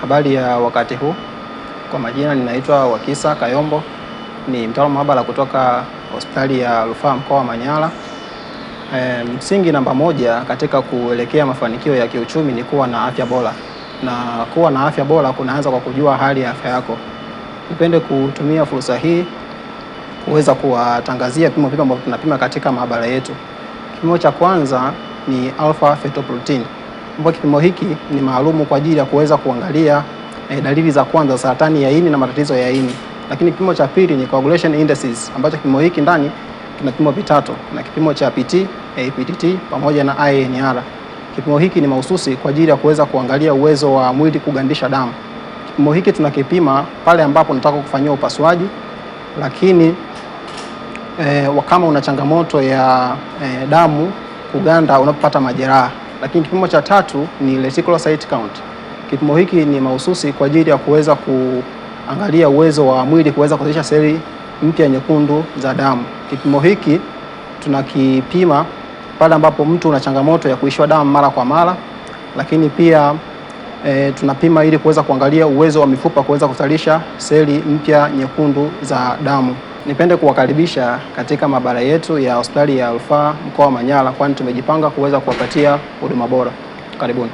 Habari ya wakati huu, kwa majina ninaitwa Wakisa Kayombo, ni mtaalamu maabara kutoka hospitali ya rufaa mkoa wa Manyara. E, msingi namba moja katika kuelekea mafanikio ya kiuchumi ni kuwa na afya bora, na kuwa na afya bora kunaanza kwa kujua hali ya afya yako. Nipende kutumia fursa hii kuweza kuwatangazia vipimo ambavyo tunapima katika maabara yetu. Kipimo cha kwanza ni alpha fetoprotein ambayo kipimo hiki ni maalumu kwa ajili ya kuweza kuangalia eh, dalili za kwanza za saratani ya ini na matatizo ya ini. Lakini kipimo cha pili ni coagulation indices ambacho kipimo hiki ndani tuna vipimo vitatu na kipimo cha PT, APTT eh, pamoja na INR. Kipimo hiki ni mahususi kwa ajili ya kuweza kuangalia uwezo wa mwili kugandisha damu. Kipimo hiki tunakipima pale ambapo nataka kufanyia upasuaji, lakini eh, kama una changamoto ya eh, damu kuganda unapopata majeraha lakini kipimo cha tatu ni reticular site count. Kipimo hiki ni mahususi kwa ajili ya kuweza kuangalia uwezo wa mwili kuweza kuzalisha seli mpya nyekundu za damu. Kipimo hiki tunakipima pale ambapo mtu una changamoto ya kuishiwa damu mara kwa mara, lakini pia e, tunapima ili kuweza kuangalia uwezo wa mifupa kuweza kuzalisha seli mpya nyekundu za damu. Nipende kuwakaribisha katika maabara yetu ya hospitali ya rufaa mkoa wa Manyara, kwani tumejipanga kuweza kuwapatia huduma bora. Karibuni.